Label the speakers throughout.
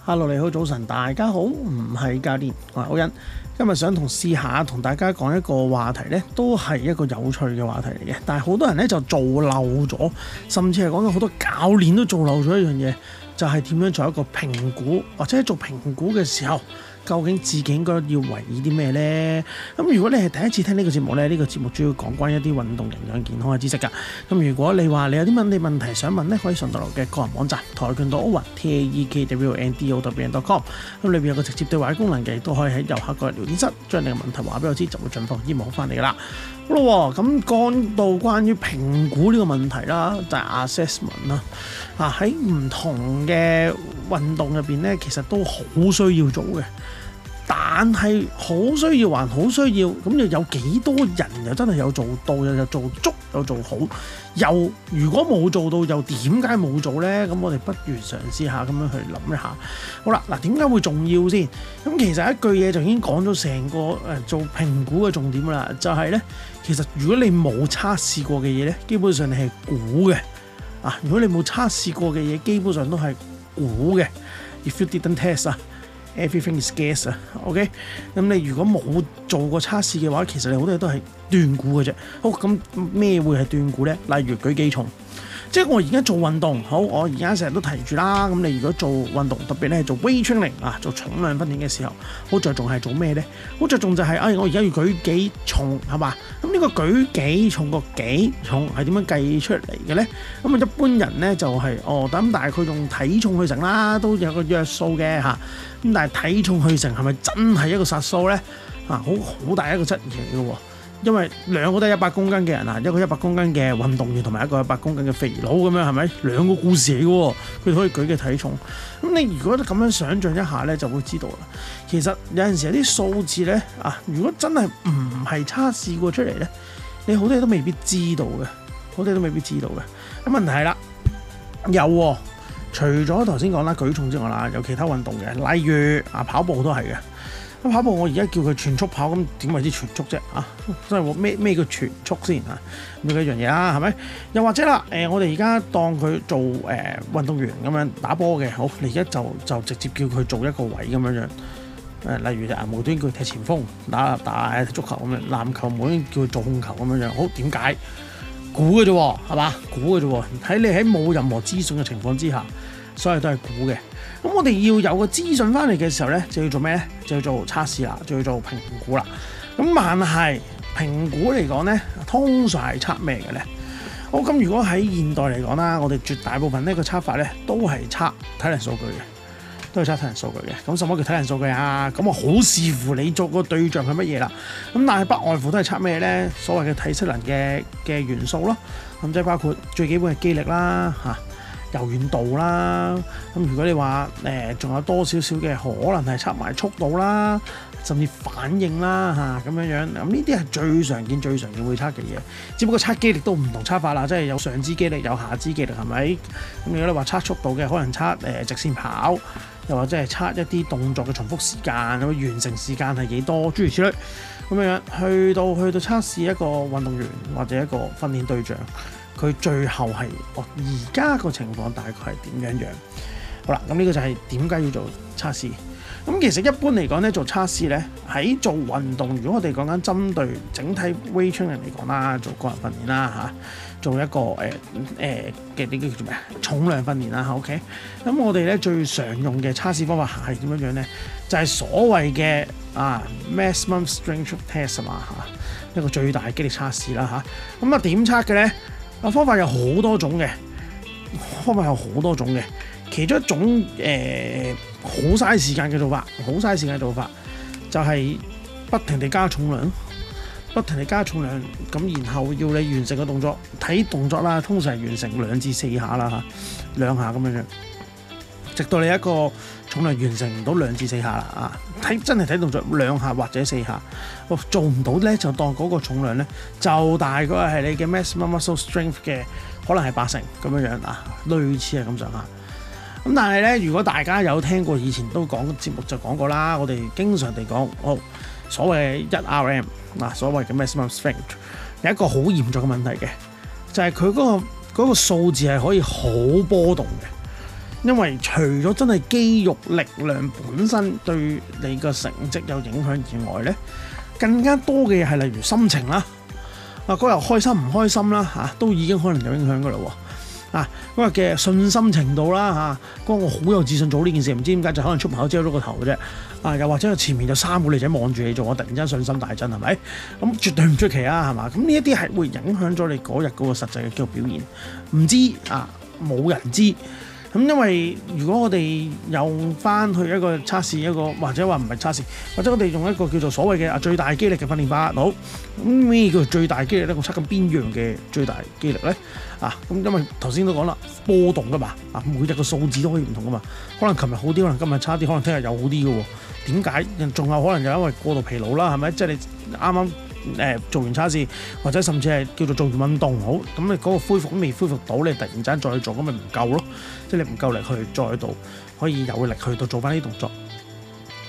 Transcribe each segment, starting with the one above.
Speaker 1: 哈嘍，Hello, 你好，早晨，大家好，唔係教練，我係歐欣。今日想同試下同大家講一個話題呢都係一個有趣嘅話題嚟嘅，但係好多人呢就做漏咗，甚至係講咗好多教練都做漏咗一樣嘢，就係、是、點樣做一個評估，或者做評估嘅時候。究竟自己應該要為意啲咩呢？咁如果你係第一次聽呢個節目呢，呢個節目主要講關於一啲運動營養健康嘅知識㗎。咁如果你話你有啲問題問題想問呢，可以上大陸嘅個人網站跆拳道奧運 taekwondowen.com。咁裏邊有個直接對話功能嘅，都可以喺遊客個人聊天室將你嘅問題話俾我知，就會盡快醫好翻嚟㗎啦。好啦，咁講到關於評估呢個問題啦，就係 assessment 啦。啊，喺唔同嘅運動入邊呢，其實都好需要做嘅。但係好需要，還好需要，咁又有幾多人又真係有做到，又又做足，又做好？又如果冇做到，又點解冇做呢？咁我哋不如嘗試下咁樣去諗一下。好啦，嗱，點解會重要先？咁其實一句嘢就已經講咗成個誒做評估嘅重點啦，就係呢。其實如果你冇測試過嘅嘢呢，基本上你係估嘅啊。如果你冇測試過嘅嘢，基本上都係估嘅。If you didn't test。Everything is guess 啊，OK，咁你如果冇做過測試嘅話，其實你好多嘢都係斷估嘅啫。好，咁咩會係斷估咧？例如舉幾重。即係我而家做運動，好，我而家成日都提住啦。咁你如果做運動，特別咧做 weight training 啊，做重量訓練嘅時候，好着重係做咩咧？好着重就係、是，哎，我而家要舉幾重係嘛？咁呢個舉幾重個幾重係點樣計出嚟嘅咧？咁啊，一般人咧就係、是，哦，咁但係佢用體重去成啦，都有個約數嘅咁、啊、但係體重去成係咪真係一個實數咧？啊，好好大一個質疑嘅喎。因為兩個都係一百公斤嘅人啊，一個一百公斤嘅運動員同埋一個一百公斤嘅肥佬咁樣，係咪兩個故事嚟嘅？佢可以舉嘅體重，咁你如果咁樣想像一下咧，就會知道啦。其實有陣時有啲數字咧啊，如果真係唔係測試過出嚟咧，你好多嘢都未必知道嘅，好多嘢都未必知道嘅。啊，問題係啦，有、哦、除咗頭先講啦舉重之外啦，有其他運動嘅，例如啊跑步都係嘅。咁跑步我而家叫佢全速跑，咁點為之全速啫？啊，都係我咩咩叫全速先啊？呢一樣嘢啦，係咪？又或者啦，誒、呃、我哋而家當佢做誒、呃、運動員咁樣打波嘅，好，你而家就就直接叫佢做一個位咁樣樣。誒、呃，例如就啊無端叫佢踢前鋒，打打，打足球咁樣，籃球無端叫佢做控球咁樣樣，好點解？估嘅啫喎，係嘛？估嘅啫喎，喺你喺冇任何資訊嘅情況之下。所以都係估嘅，咁我哋要有個資訊翻嚟嘅時候咧，就要做咩咧？就要做測試啦，就要做評估啦。咁但係評估嚟講咧，通常係測咩嘅咧？我咁如果喺現代嚟講啦，我哋絕大部分呢個測法咧，都係測體能數據嘅，都係測體能數據嘅。咁什麼叫體能數據啊？咁啊好視乎你做個對象係乜嘢啦。咁但係不外乎都係測咩咧？所謂嘅體適能嘅嘅元素咯，咁即係包括最基本嘅肌力啦，嚇。柔軟度啦，咁如果你話誒仲有多少少嘅可能係測埋速度啦，甚至反應啦，吓咁樣樣，咁呢啲係最常見、最常見會測嘅嘢。只不過測肌力都唔同測法啦，即係有上肢肌力、有下肢肌力係咪？咁如果你話測速度嘅，可能測誒直線跑，又或者係測一啲動作嘅重複時間，咁完成時間係幾多，諸如此類。咁樣樣去到去到測試一個運動員或者一個訓練對象。佢最後係我而家個情況大概係點樣樣？好啦，咁呢個就係點解要做測試咁。咁其實一般嚟講咧，做測試咧喺做運動。如果我哋講緊針對整體 weight training 嚟講啦，做個人訓練啦嚇，做一個誒誒嘅點叫做咩重量訓練啦。OK，咁我哋咧最常用嘅測試方法係點樣樣咧？就係、是、所謂嘅啊 maximum strength test 啊嘛嚇，一個最大嘅肌力測試啦嚇。咁啊點測嘅咧？啊，方法有好多種嘅，方法有好多種嘅，其中一種誒好嘥時間嘅做法，好嘥時間嘅做法就係不停地加重量，不停地加重量，咁然後要你完成個動作，睇動作啦，通常係完成兩至四下啦，兩下咁樣樣。直到你一個重量完成唔到兩至四下啦啊，睇真係睇到咗兩下或者四下，哦、做唔到咧就當嗰個重量咧就大概個係你嘅 maximum muscle strength 嘅，可能係八成咁樣樣啊，類似係咁上下。咁、啊、但係咧，如果大家有聽過以前都講節目就講過啦，我哋經常地講，哦，所謂一 RM 嗱、啊，所謂嘅 maximum strength 有一個好嚴重嘅問題嘅，就係佢嗰個嗰、嗰個數字係可以好波動嘅。因為除咗真係肌肉力量本身對你個成績有影響以外咧，更加多嘅係例如心情啦，啊嗰日開心唔開心啦，嚇都已經可能有影響㗎喇喎。啊嗰日嘅信心程度啦，嚇、啊、嗰我好有自信做呢件事，唔知點解就可能出口遮咗個頭嘅啫。啊又或者前面有三個女仔望住你做，我突然之間信心大增，係咪？咁絕對唔出奇啊，係嘛，咁呢一啲係會影響咗你嗰日嗰個實際嘅肌肉表現，唔知啊，冇人知。咁因為如果我哋又翻去一個測試一個或者話唔係測試，或者我哋用一個叫做所謂嘅啊最大肌力嘅訓練法。好，咁咩叫最大肌力咧？我測緊邊樣嘅最大肌力咧？啊咁因為頭先都講啦，波動噶嘛啊，每日嘅數字都可以唔同噶嘛，可能琴日好啲，可能今日差啲，可能聽日又好啲噶喎。點解？仲有可能就因為過度疲勞啦？係咪？即係你啱啱.誒、呃、做完測試，或者甚至係叫做做完運動好，咁你嗰個恢復都未恢復到，你突然之間再做咁咪唔夠咯，即係你唔夠力再去再度，可以有力去到做翻啲動作，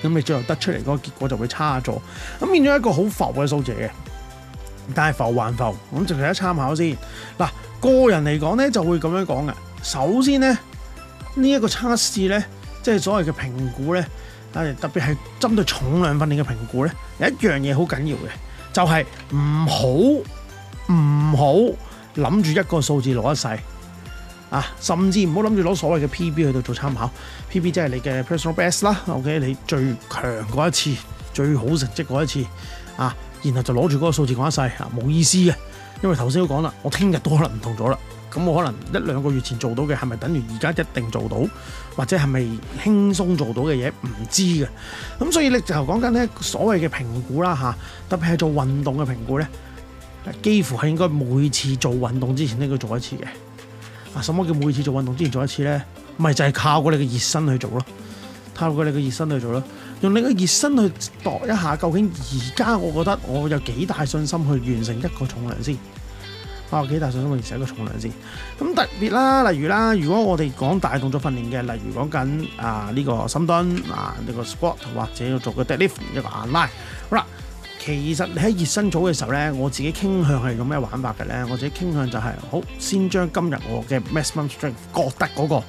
Speaker 1: 咁你最後得出嚟嗰個結果就會差咗，咁變咗一個好浮嘅數字嘅，但係浮還浮，咁就係得參考先。嗱，個人嚟講咧就會咁樣講嘅，首先咧呢一、這個測試咧，即、就、係、是、所謂嘅評估咧，誒特別係針對重量訓練嘅評估咧，有一樣嘢好緊要嘅。就係唔好唔好諗住一個數字攞一世啊，甚至唔好諗住攞所謂嘅 PB 去度做參考，PB 即係你嘅 personal best 啦。OK，你最強嗰一次、最好成績嗰一次啊，然後就攞住嗰個數字講一世啊，冇意思嘅，因為頭先都講啦，我聽日都可能唔同咗啦。咁我可能一兩個月前做到嘅，係咪等於而家一定做到？或者係咪輕鬆做到嘅嘢唔知嘅。咁所以呢就講緊呢所謂嘅評估啦吓，特別係做運動嘅評估咧，幾乎係應該每次做運動之前都應該做一次嘅。啊，什麼叫每次做運動之前做一次咧？咪就係、是、靠過你嘅熱身去做咯，靠過你嘅熱身去做咯，用你嘅熱身去度一下，究竟而家我覺得我有幾大信心去完成一個重量先。啊，幾大上身會成一個重量先。咁特別啦，例如啦，如果我哋講大動作訓練嘅，例如講緊啊呢、呢個深蹲啊呢、呢個 squat 或者要做個 deadlift 一個硬拉。好啦，其實你喺熱身組嘅時候咧，我自己傾向係用咩玩法嘅咧？我自己傾向就係、是、好先將今日我嘅 maximum strength 覺得嗰、那個，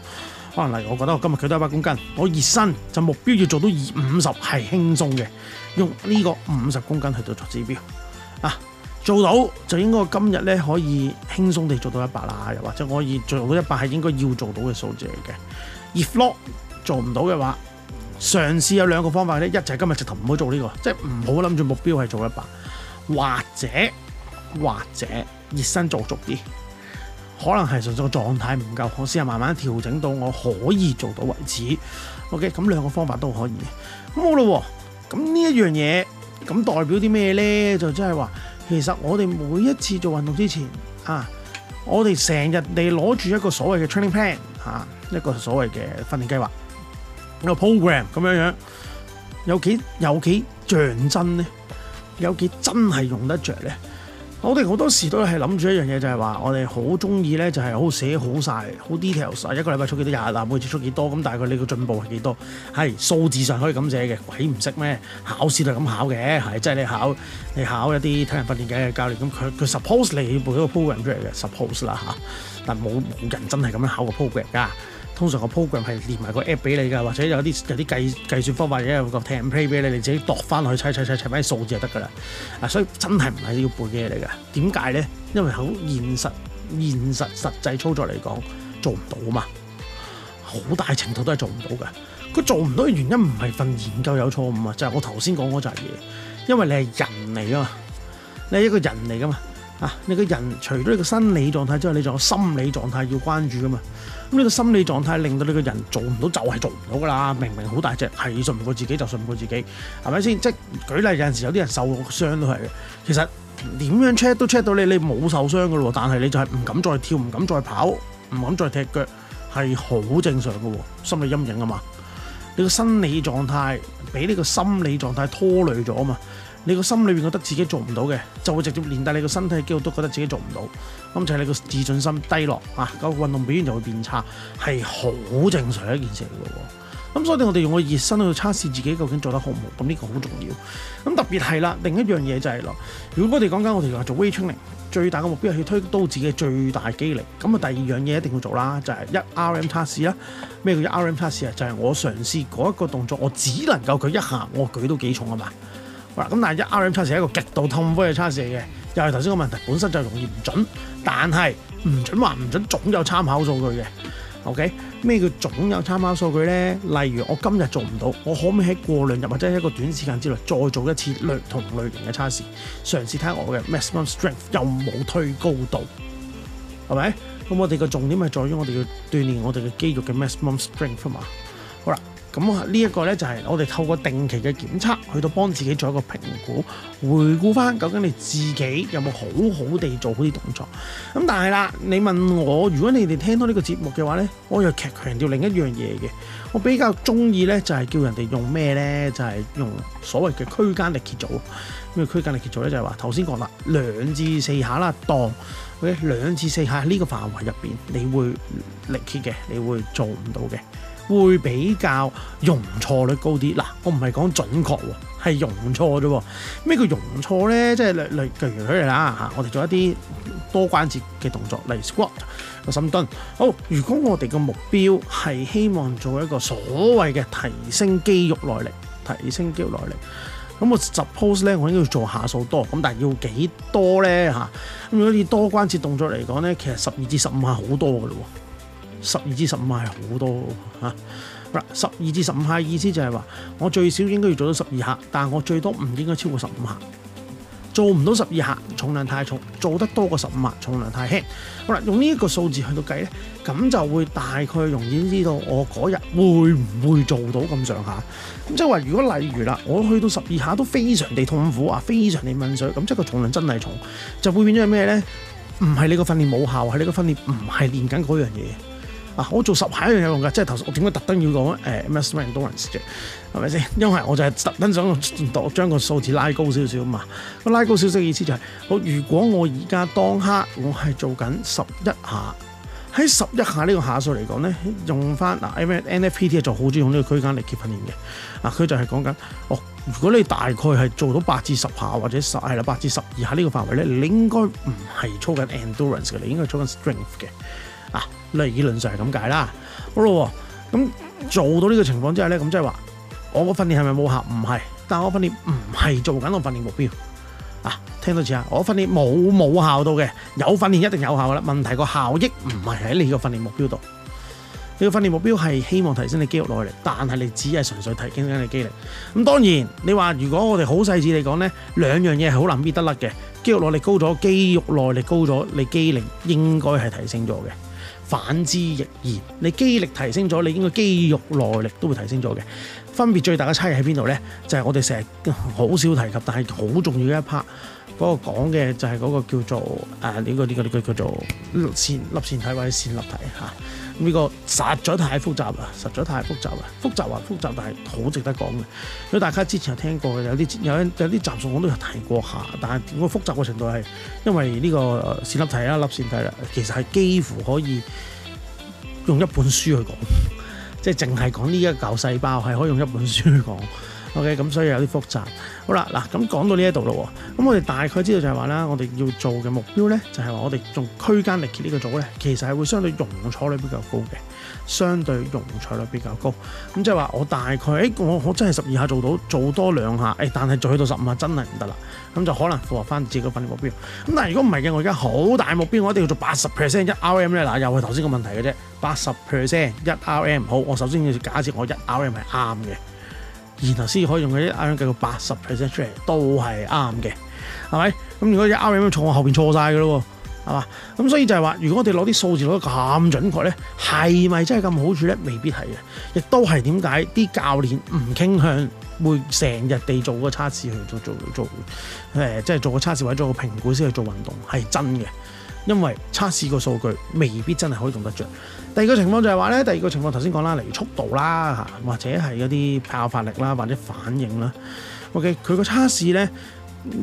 Speaker 1: 可、啊、能例如我覺得我今日舉得一百公斤，我熱身就目標要做到二五十係輕鬆嘅，用呢個五十公斤去到作指標啊。做到就應該今日咧可以輕鬆地做到一百啦，又或者我可以做到一百係應該要做到嘅數字嚟嘅。If not, 做唔到嘅話，嘗試有兩個方法咧，一就係今日直頭唔好做呢個，即係唔好諗住目標係做一百，或者或者熱身做足啲，可能係純粹個狀態唔夠，我試下慢慢調整到我可以做到為止。O.K. 咁兩個方法都可以嘅。咁好啦。咁呢一樣嘢咁代表啲咩咧？就即係話。其實我哋每一次做運動之前啊，我哋成日地攞住一個所謂嘅 training plan 啊，一個所謂嘅訓練計劃，一個 program 咁樣樣，有幾有幾像真咧？有幾真係用得着咧？我哋好多時都係諗住一樣嘢，就係話我哋好中意咧，就係好寫好晒，好 details 啊！一個禮拜出幾多日啊？每次出幾多？咁但係佢呢個進步係幾多？係數字上可以咁寫嘅，鬼唔識咩？考試都係咁考嘅，係即係你考你考一啲體能訓練嘅教練，咁佢佢 suppose 你報一個 program 出嚟嘅 suppose 啦嚇，但冇冇人真係咁樣考個 program 㗎。通常個 program 係連埋個 app 俾你㗎，或者有啲有啲計計算方法，有一個 template 俾你，你自己度翻落去，砌砌砌砌埋啲數字就得㗎啦。啊，所以真係唔係要背嘅嘢嚟㗎。點解咧？因為好現實現實實際操作嚟講，做唔到啊嘛。好大程度都係做唔到㗎。佢做唔到嘅原因唔係份研究有錯誤啊，就係、是、我頭先講嗰陣嘢。因為你係人嚟啊嘛，你係一個人嚟㗎嘛。啊，你個人除咗你個生理狀態之外，你仲有心理狀態要關注㗎嘛。呢個心理狀態令到你個人做唔到就係做唔到噶啦，明明好大隻，係信唔過自己就信唔過自己，係咪先？即係舉例，有陣時有啲人受傷都係，其實點樣 check 都 check 到你，你冇受傷噶咯，但係你就係唔敢再跳，唔敢再跑，唔敢再踢腳，係好正常噶喎，心理陰影啊嘛，你個心理狀態俾呢個心理狀態拖累咗啊嘛。你個心裏面覺得自己做唔到嘅，就會直接連帶你個身體嘅肌肉都覺得自己做唔到，咁就係你個自信心低落啊，個運動表現就會變差，係好正常一件事嚟嘅喎。咁所以我哋用個熱身去測試自己究竟做得好唔好，咁呢個好重要。咁特別係啦，另一樣嘢就係咯，如果我哋講緊我哋話做 weight training，最大嘅目標係去推高自己嘅最大肌力，咁啊第二樣嘢一定要做啦，就係一 RM 測試啦。咩叫一 RM 測試？啊？就係我嘗試嗰一個動作，我只能夠舉一下，我舉到幾重啊嘛？嗱，咁但係一 RM 測試係一個極度痛苦嘅測試嚟嘅，又係頭先個問題本身就容易唔準，但係唔準話唔準總有參考數據嘅，OK？咩叫總有參考數據咧？例如我今日做唔到，我可唔可以喺過兩日或者係一個短時間之內再做一次類同類型嘅測試，嘗試睇下我嘅 maximum strength 又有冇推高度，係咪？咁我哋個重點係在於我哋要鍛鍊我哋嘅肌肉嘅 maximum strength 啊嘛。好啦。咁呢一個呢，就係我哋透過定期嘅檢測，去到幫自己做一個評估，回顧翻究竟你自己有冇好好地做好啲動作。咁但係啦，你問我，如果你哋聽到呢個節目嘅話呢，我又強強調另一樣嘢嘅。我比較中意呢，就係叫人哋用咩呢？就係用所謂嘅區間力竭組。咩區間力竭組呢，就係話頭先講啦，兩至四下啦，當兩至四下呢個範圍入邊，你會力竭嘅，你會做唔到嘅，會比較容錯率高啲。嗱，我唔係講準確喎，係容錯啫。咩叫容錯咧？即係例例如舉例啦，我哋做一啲多關節嘅動作，例如 squat、深蹲。好，如果我哋個目標係希望做一個所謂嘅提升肌肉耐力，提升肌肉耐力。咁我 suppose 咧，我應該要做下數多，咁但係要幾多咧嚇？咁如果以多關節動作嚟講咧，其實十二至十五下好多㗎咯喎，十二至十五下係好多嚇。嗱，十二至十五下意思就係話，我最少應該要做到十二下，但係我最多唔應該超過十五下。做唔到十二下，重量太重；做得多過十五下，重量太輕。好啦，用呢一個數字去到計咧，咁就會大概容易知道我嗰日會唔會做到咁上下。咁即係話，如果例如啦，我去到十二下都非常地痛苦啊，非常地悶水，咁即係個重量真係重，就會變咗係咩咧？唔係你個訓練冇效，係你個訓練唔係練緊嗰樣嘢。啊，我做十下一樣有用噶，即係頭先。我點解特登要講誒 m s m i n 多人知。係咪先？因為我就係特登想攞將個數字拉高少少嘛。個拉高少少嘅意思就係，好，如果我而家當刻我係做緊十一下，喺十一下呢個下數嚟講咧，用翻嗱 M N F P T 就好中意用呢個區間嚟 keep 訓練嘅。啊，佢就係講緊，哦，如果你大概係做到八至十下或者十係啦，八至十二下呢個範圍咧，你應該唔係操緊 endurance 嘅，你應該操緊 strength 嘅。啊，理論上係咁解啦。好啦，咁做到呢個情況之下咧，咁即係話。我個訓練係咪冇效？唔係，但我訓練唔係做緊我訓練目標啊！聽多次啊，我訓練冇冇效到嘅，有訓練一定有效啦。問題個效益唔係喺你個訓練目標度，你個訓練目標係希望提升你肌肉耐力，但係你只係純粹提升緊你肌力。咁當然你話如果我哋好細緻嚟講呢，兩樣嘢係好難搣得甩嘅。肌肉耐力高咗，肌肉耐力高咗，你肌力應該係提升咗嘅。反之亦然，你肌力提升咗，你應該肌肉耐力都會提升咗嘅。分別最大嘅差異喺邊度咧？就係、是、我哋成日好少提及，但係好重要嘅一 part，嗰、那個講嘅就係嗰個叫做誒呢、啊這個呢、這個呢、這個叫做線粒線體或者線粒體嚇。呢、啊嗯這個實在太複雜啦，實在太複雜啦，複雜話複,複雜，但係好值得講嘅。如果大家之前有聽過，有啲有有啲雜訊我都有提過下，但係我複雜嘅程度係因為呢個線粒體啦、粒線體啦，其實係幾乎可以用一本書去講。即係淨係講呢一個舊細胞，係可以用一本書講。OK，咁所以有啲複雜。好啦，嗱咁講到呢一度咯喎，咁我哋大概知道就係話啦，我哋要做嘅目標咧，就係話我哋用區間力竭呢個組咧，其實係會相對容錯率比較高嘅，相對容錯率比較高。咁即係話我大概，誒，我我真係十二下做到，做多兩下，誒，但係再去到十五下真係唔得啦。咁就可能符合翻自己嘅訓練目標。咁但係如果唔係嘅，我而家好大目標，我一定要做八十 percent 一 RM 咧，嗱又係頭先個問題嘅啫。八十 percent 一 RM，好，我首先要假設我一 RM 係啱嘅。然後先可以用嗰啲 1RM 計到八十 percent 出嚟，都係啱嘅，係咪？咁如果 1RM 錯，我後邊錯晒嘅咯喎，係嘛？咁所以就係、是、話，如果我哋攞啲數字攞得咁準確咧，係咪真係咁好處咧？未必係嘅，亦都係點解啲教練唔傾向會成日地做個測試去做做做誒，即係、呃、做個測試或者做個評估先去做運動係真嘅。因為測試個數據未必真係可以用得着。第二個情況就係話咧，第二個情況頭先講啦，例如速度啦，或者係嗰啲爆發力啦，或者反應啦。OK，佢個測試咧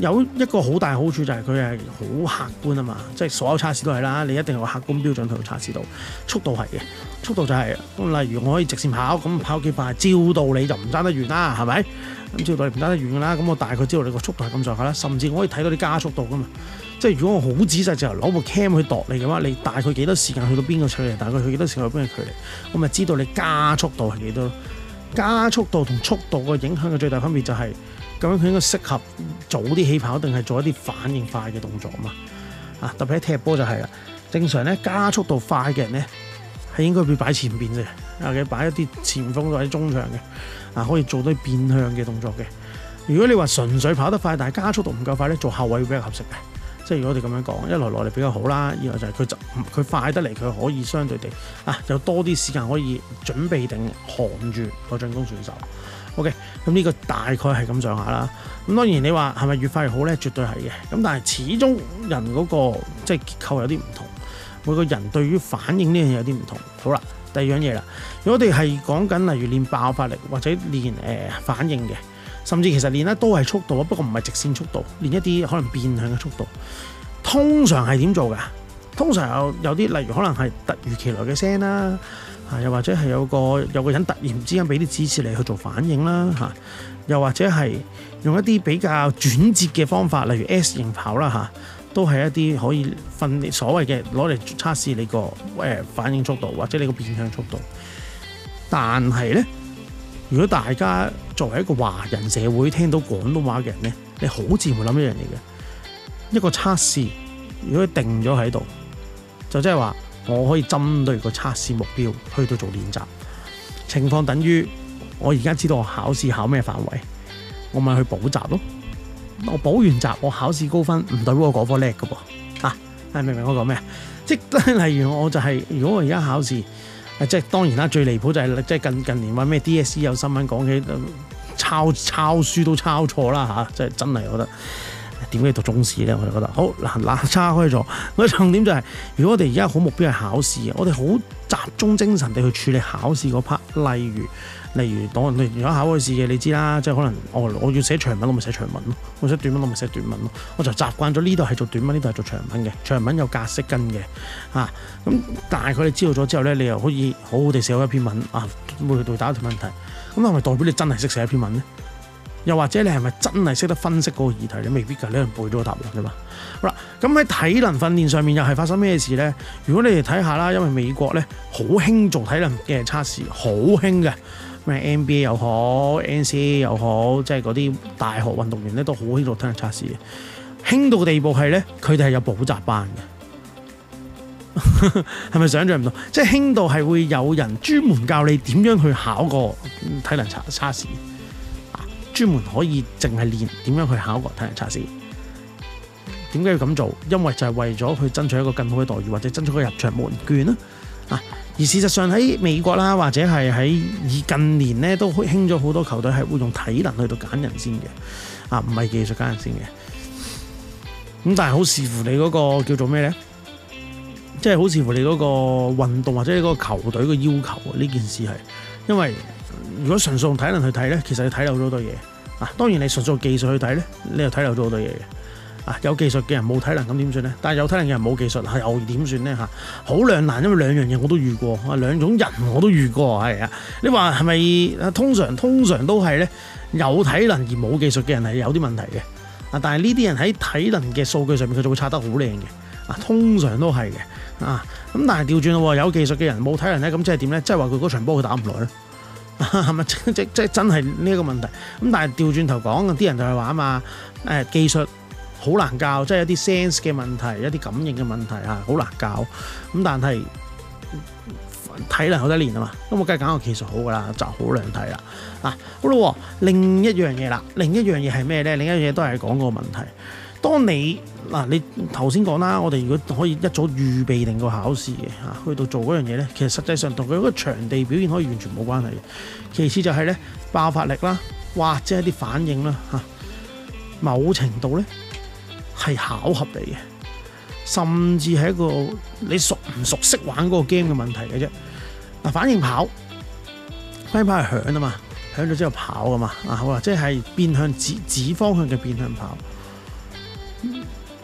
Speaker 1: 有一個好大好處就係佢係好客觀啊嘛，即係所有測試都係啦，你一定有個客觀標準去測試到。速度係嘅，速度就係。例如我可以直線跑，咁跑幾快？照道理就唔爭得遠啦，係咪？咁照道理唔爭得遠㗎啦。咁我大概知道你個速度係咁上下啦，甚至我可以睇到啲加速度㗎嘛。即係如果我好仔細，就攞部 cam 去度你嘅話，你大概幾多時間去到邊個距離？大概去幾多時間去邊個距離？我咪知道你加速度係幾多咯？加速度同速度嘅影響嘅最大分別就係、是、咁樣，佢應該適合早啲起跑，定係做一啲反應快嘅動作啊嘛啊！特別喺踢波就係、是、啦。正常咧，加速度快嘅人咧係應該會擺前邊嘅啊，或者擺一啲前鋒或者中場嘅啊，可以做多啲變向嘅動作嘅。如果你話純粹跑得快，但係加速度唔夠快咧，做後位會比較合適嘅。即係如果我哋咁樣講，一來耐力比較好啦，二來就係佢就佢快得嚟，佢可以相對地啊有多啲時間可以準備定防住個進攻選手。OK，咁呢個大概係咁上下啦。咁當然你話係咪越快越好咧？絕對係嘅。咁但係始終人嗰個即係結構有啲唔同，每個人對於反應呢樣嘢有啲唔同。好啦，第二樣嘢啦，如果我哋係講緊例如練爆發力或者練、呃、反應嘅。甚至其實練得都係速度啊，不過唔係直線速度，練一啲可能變向嘅速度。通常係點做㗎？通常有有啲例如可能係突如其來嘅聲啦，啊又或者係有個有個人突然之間俾啲指示你去做反應啦，嚇又或者係用一啲比較轉折嘅方法，例如 S 型跑啦，嚇都係一啲可以訓練所謂嘅攞嚟測試你個誒反應速度或者你個變向速度。但係呢。如果大家作為一個華人社會聽到廣東話嘅人咧，你好自然會諗一樣嘢嘅。一個測試，如果定咗喺度，就即係話我可以針對個測試目標去到做練習。情況等於我而家知道我考試考咩範圍，我咪去補習咯。我補完習，我考試高分唔代表我嗰科叻㗎噃嚇。誒、係，明唔明我講咩？即係例如，我就係、是、如果我而家考試。啊、即係當然啦，最離譜就係、是、即係近近年話咩 DSE 有新聞講起、嗯、抄抄書都抄錯啦嚇、啊，即係真係、啊，我覺得點解讀中史咧？我就覺得好嗱嗱叉開咗。我重點就係、是，如果我哋而家好目標係考試嘅，我哋好集中精神地去處理考試嗰 part，例如。例如，當我你如果考我試嘅，你知啦，即係可能我我要寫長文，我咪寫長文咯；我寫短文，我咪寫短文咯。我就習慣咗呢度係做短文，呢度係做長文嘅。長文有格式跟嘅咁、啊，但係佢哋知道咗之後咧，你又可以好好地寫好一篇文啊，會回答問題。咁係咪代表你真係識寫一篇文咧？又或者你係咪真係識得分析嗰個議題？你未必㗎，你人背咗答案啫嘛。好、啊、啦，咁喺體能訓練上面又係發生咩事咧？如果你哋睇下啦，因為美國咧好興做體能嘅測試，好興嘅。NBA 又好，NCA 又好，即係嗰啲大學運動員咧都好興做體能測試，興到個地步係咧，佢哋係有補習班嘅，係 咪想象唔到？即係興到係會有人專門教你點樣去考個體能測測試，啊，專門可以淨係練點樣去考個體能測試。點解要咁做？因為就係為咗去爭取一個更好嘅待遇，或者爭取個入場門券啦，啊。而事實上喺美國啦，或者係喺以近年咧都興咗好多球隊係會用體能去到揀人先嘅，啊唔係技術揀人先嘅。咁但係好視乎你嗰個叫做咩咧，即係好視乎你嗰個運動或者你嗰個球隊嘅要求啊呢件事係，因為如果純粹用體能去睇咧，其實你睇漏咗好多嘢啊。當然你純粹用技術去睇咧，你又睇漏咗好多嘢嘅。有技術嘅人冇體能咁點算咧？但係有體能嘅人冇技術係又點算咧？嚇，好兩難，因為兩樣嘢我都遇過，兩種人我都遇過，係啊。你話係咪通常通常都係咧？有體能而冇技術嘅人係有啲問題嘅啊，但係呢啲人喺體能嘅數據上面佢就會刷得好靚嘅啊，通常都係嘅啊。咁但係調轉咯，有技術嘅人冇體能咧，咁即係點咧？即係話佢嗰場波佢打唔耐咯，係咪即即真係呢一個問題？咁但係調轉頭講，啲人就係話啊嘛，誒、呃、技術。好難教，即係有啲 sense 嘅問題，有啲感應嘅問題嚇，好難教咁。但係體能好得練啊嘛，咁我梗係揀個技術好噶啦，就好兩體啦嗱。好啦，另一樣嘢啦，另一樣嘢係咩咧？另一樣嘢都係講個問題。當你嗱，你頭先講啦，我哋如果可以一早預備定個考試嘅嚇，去到做嗰樣嘢咧，其實實際上同佢嗰個場地表現可以完全冇關係嘅。其次就係咧，爆發力啦，或者一啲反應啦嚇，某程度咧。係巧合嚟嘅，甚至係一個你熟唔熟悉玩嗰個 game 嘅問題嘅啫。嗱、啊，反應跑，反應跑係響啊嘛，響咗之後跑噶嘛，啊即係變向指指方向嘅變向跑，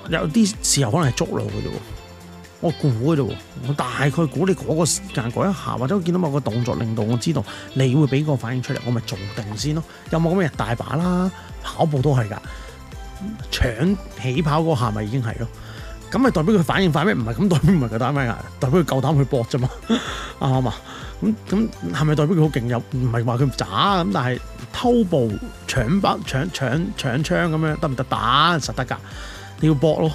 Speaker 1: 有啲時候可能係捉路嘅啫，我估嘅啫，我大概估你嗰個時間嗰一下，或者我見到某個動作令到我知道你會俾個反應出嚟，我咪做定先咯。有冇咁嘅大把啦、啊，跑步都係噶。搶起跑嗰下咪已經係咯，咁咪代表佢反應快咩？唔係咁代表唔係佢打咩噶，代表佢夠膽去搏咋嘛？啱嘛？咁咁係咪代表佢好勁又唔係話佢渣咁？但係偷步搶白搶搶搶，搶，搶槍咁樣得唔得？打實得㗎，你要搏咯，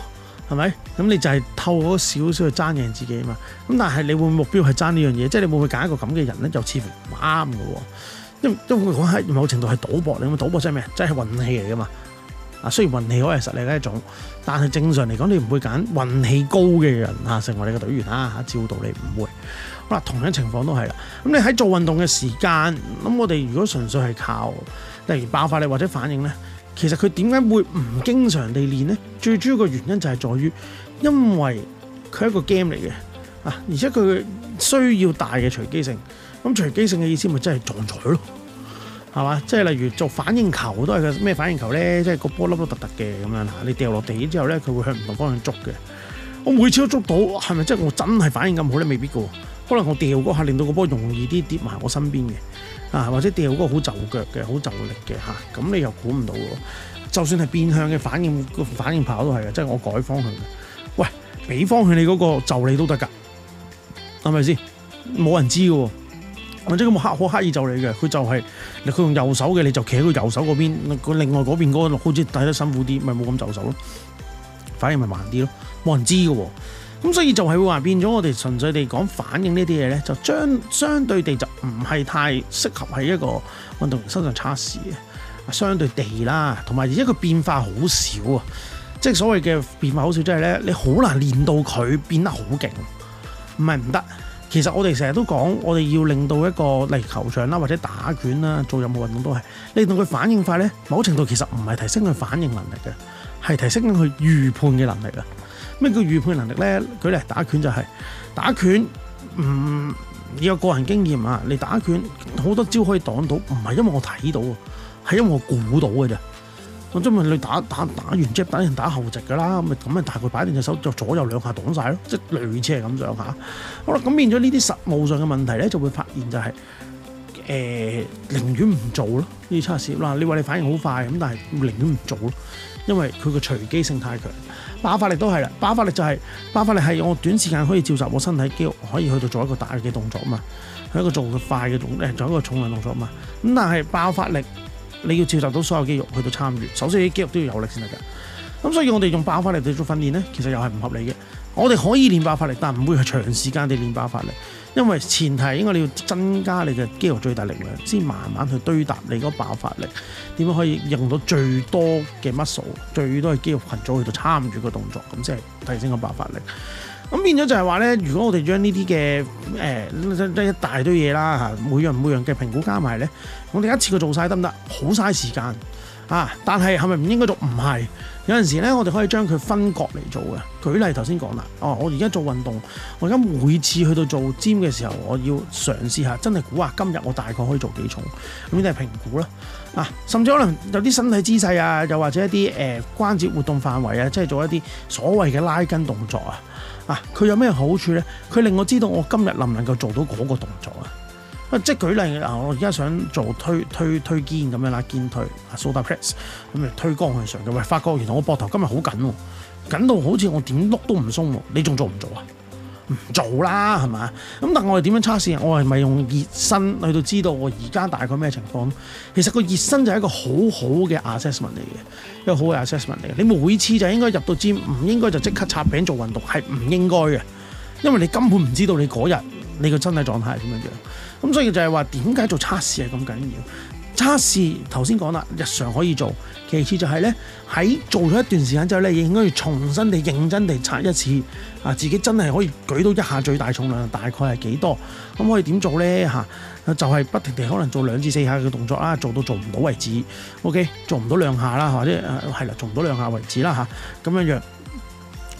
Speaker 1: 係咪？咁你就係透過少少去爭贏自己啊嘛。咁但係你會目標係爭呢樣嘢，即係你會唔會揀一個咁嘅人咧？又似乎唔啱嘅，因因為我喺某程度係賭博嚟嘅，賭博真係咩？真係運氣嚟㗎嘛。啊，雖然運氣好似係實力嘅一種，但係正常嚟講，你唔會揀運氣高嘅人啊成為你嘅隊員啦嚇，啊，照道理唔會。嗱，同樣情況都係啦。咁你喺做運動嘅時間，咁我哋如果純粹係靠例如爆發力或者反應咧，其實佢點解會唔經常地練咧？最主要嘅原因就係在於，因為佢係一個 game 嚟嘅啊，而且佢需要大嘅隨機性。咁隨機性嘅意思咪真係撞彩咯？係嘛？即係例如做反應球都係佢咩反應球咧？即係個波粒都突突嘅咁樣嚇。你掉落地之後咧，佢會向唔同方向捉嘅。我每次都捉到，係咪即係我真係反應咁好咧？未必噶。可能我掉嗰下令到個波容易啲跌埋我身邊嘅啊，或者掉嗰個好就腳嘅、好就力嘅嚇。咁、啊、你又估唔到咯。就算係變向嘅反應，個反應跑都係嘅，即係我改方向嘅。喂，俾方向你嗰個就你都得㗎，係咪先？冇人知嘅喎。或者佢刻好刻意就你、是、嘅，佢就係你佢用右手嘅，你就企喺佢右手嗰邊，佢另外嗰邊嗰個好似睇得辛苦啲，咪冇咁就手咯，反應咪慢啲咯，冇人知㗎喎。咁所以就係會話變咗，我哋純粹地講反應呢啲嘢咧，就將相對地就唔係太適合喺一個運動員身上測試嘅。相對地啦，同埋而家個變化好少啊，即係所謂嘅變化好少，即係咧、就是、你好難練到佢變得好勁，唔係唔得。其實我哋成日都講，我哋要令到一個，例如球場啦，或者打拳啦，做任何運動都係令到佢反應快咧。某程度其實唔係提升佢反應能力嘅，係提升佢預判嘅能力啊。咩叫預判能力咧？舉例打拳就係、是、打拳，唔、嗯、要有個人經驗啊。你打拳好多招可以擋到，唔係因為我睇到啊，係因為我估到嘅啫。咁即係你打打打完 jump，打完打後直噶啦，咁咪咁咪大概擺定隻手，就左右兩下擋晒咯，即係類似係咁上下。好啦，咁變咗呢啲實務上嘅問題咧，就會發現就係、是、誒、呃、寧願唔做咯呢啲測試啦。你話你反應好快咁，但係寧願唔做咯，因為佢個隨機性太強，爆發力都係啦。爆發力就係、是、爆發力係我短時間可以召集我身體肌肉，可以去到做一個大嘅動作啊嘛，係一個做嘅快嘅動作，做一個，做一個重量動作啊嘛。咁但係爆發力。你要召集到所有肌肉去到參與，首先你啲肌肉都要有力先得噶。咁所以，我哋用爆發力去做訓練呢，其實又係唔合理嘅。我哋可以練爆發力，但唔會係長時間地練爆發力，因為前提應該你要增加你嘅肌肉最大力量，先慢慢去堆疊你嗰爆發力。點樣可以用到最多嘅 muscle，最多嘅肌肉群組去到參與個動作，咁即係提升個爆發力。咁變咗就係話咧，如果我哋將呢啲嘅即一大堆嘢啦嚇，每樣每樣嘅評估加埋咧，我哋一次過做晒得唔得？好嘥時間啊！但係係咪唔應該做？唔係有陣時咧，我哋可以將佢分割嚟做嘅。舉例頭先講啦，哦、啊，我而家做運動，我而家每次去到做 gym 嘅時候，我要嘗試下真係估下今日我大概可以做幾重，咁呢啲係評估啦啊。甚至可能有啲身體姿勢啊，又或者一啲誒、呃、關節活動範圍啊，即係做一啲所謂嘅拉筋動作啊。啊！佢有咩好處咧？佢令我知道我今日能唔能夠做到嗰個動作啊？啊！即係舉例啊！我而家想做推推推肩咁樣啦，肩推啊，soda press 咁啊，推光向上嘅喂，發覺原來我膊頭今日好緊喎、啊，緊到好似我點碌都唔鬆喎、啊，你仲做唔做啊？唔做啦，係嘛？咁但係我哋點樣測試？我係咪用熱身去到知道我而家大概咩情況？其實個熱身就係一個好好嘅 assessment 嚟嘅，一個好好嘅 assessment 嚟嘅。你每次就應該入到 gym，唔應該就即刻插餅做運動係唔應該嘅，因為你根本唔知道你嗰日你個身體狀態係點樣樣。咁所以就係話點解做測試係咁緊要？測試頭先講啦，日常可以做。其次就係呢，喺做咗一段時間之後咧，應該要重新地、認真地測一次。啊，自己真係可以舉到一下最大重量，大概係幾多？咁可以點做呢？嚇，就係不停地可能做兩至四下嘅動作啦，做到做唔到為止。O.K. 做唔到兩下啦，或者誒係啦，做唔到兩下為止啦嚇。咁樣樣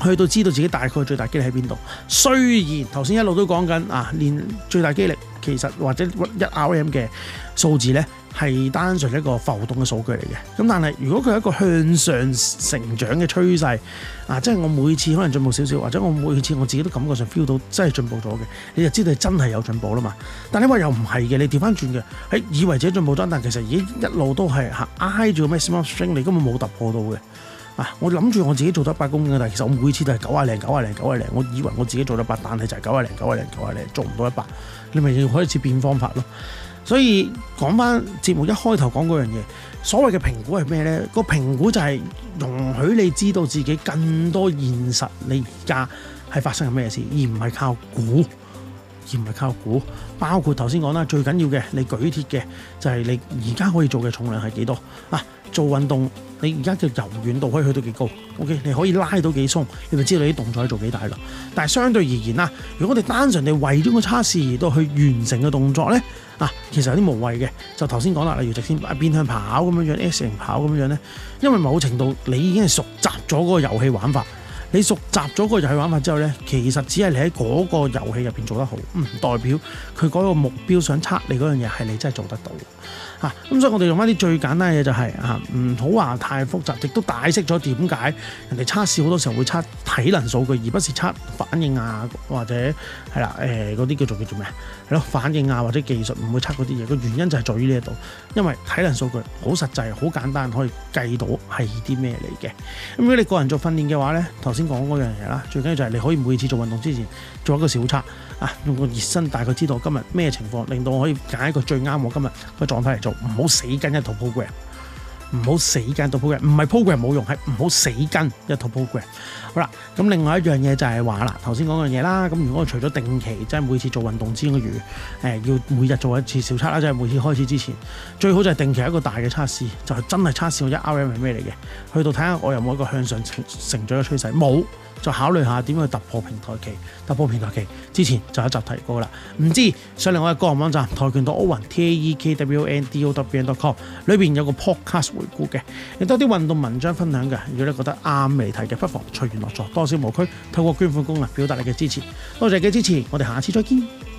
Speaker 1: 去到知道自己大概最大肌力喺邊度。雖然頭先一路都講緊啊，練最大肌力。其實或者一 RM 嘅數字咧係單純一個浮動嘅數據嚟嘅，咁但係如果佢係一個向上成長嘅趨勢啊，即係我每次可能進步少少，或者我每次我自己都感覺上 feel 到真係進步咗嘅，你就知道真係有進步啦嘛。但係你話又唔係嘅，你調翻轉嘅，誒、欸、以為自己進步咗，但其實已經一路都係嚇挨住個 maximum strength，你根本冇突破到嘅。我諗住我自己做到一百公斤嘅，但係其實我每次都係九啊零、九啊零、九啊零。我以為我自己做到八，但係就係九啊零、九啊零、九啊零，做唔到一百。你咪要開始變方法咯。所以講翻節目一開頭講嗰樣嘢，所謂嘅評估係咩咧？個評估就係容許你知道自己更多現實，你而家係發生緊咩事，而唔係靠估，而唔係靠估。包括頭先講啦，最緊要嘅你舉鐵嘅就係你而家可以做嘅重量係幾多啊？做運動。你而家嘅柔軟度可以去到幾高？OK？你可以拉到幾鬆，你就知道你啲動作可以做幾大啦。但係相對而言啦，如果我哋單純地為咗個測試而到去完成個動作咧，啊，其實有啲無謂嘅。就頭先講啦，例如直線、變向跑咁樣樣、S 型跑咁樣樣咧，因為某程度你已經係熟習咗個遊戲玩法，你熟習咗個遊戲玩法之後咧，其實只係你喺嗰個遊戲入邊做得好，唔代表佢嗰個目標想測你嗰樣嘢係你真係做得到。嚇咁、啊、所以我哋用翻啲最簡單嘅嘢就係、是、嚇，唔好話太複雜，亦都解釋咗點解人哋測試好多時候會測體能數據，而不是測反應啊或者係啦誒嗰啲叫做叫做咩啊係咯反應啊或者技術唔會測嗰啲嘢，個原因就係在於呢一度，因為體能數據好實際好簡單可以計到係啲咩嚟嘅。咁、啊、如果你個人做訓練嘅話咧，頭先講嗰樣嘢啦，最緊要就係你可以每次做運動之前做一個小測啊，用個熱身大概知道今日咩情況，令到我可以揀一個最啱我今日個狀態嚟做。唔好死跟一套 program，唔好死跟一套 program，唔係 program 冇用，係唔好死跟一套 program。好啦，咁另外一樣嘢就係話啦，頭先講嘅嘢啦，咁如果我除咗定期，即係每次做運動之餘，誒要每日做一次小測啦，即係每次開始之前，最好就係定期一個大嘅測試，就係真係測試我一 RM 係咩嚟嘅，去到睇下我有冇一個向上成成長嘅趨勢，冇。再考慮下點樣去突破平台期，突破平台期之前就一集提過啦。唔知上嚟我嘅個人網站跆拳道歐雲 t a e k w o n d o w e n d o t c o m，裏邊有個 podcast 回顧嘅，亦多啲運動文章分享嘅。如果你覺得啱嚟睇嘅，不妨隨緣落座。多謝無區透過捐款功能表達你嘅支持，多謝你嘅支持，我哋下次再見。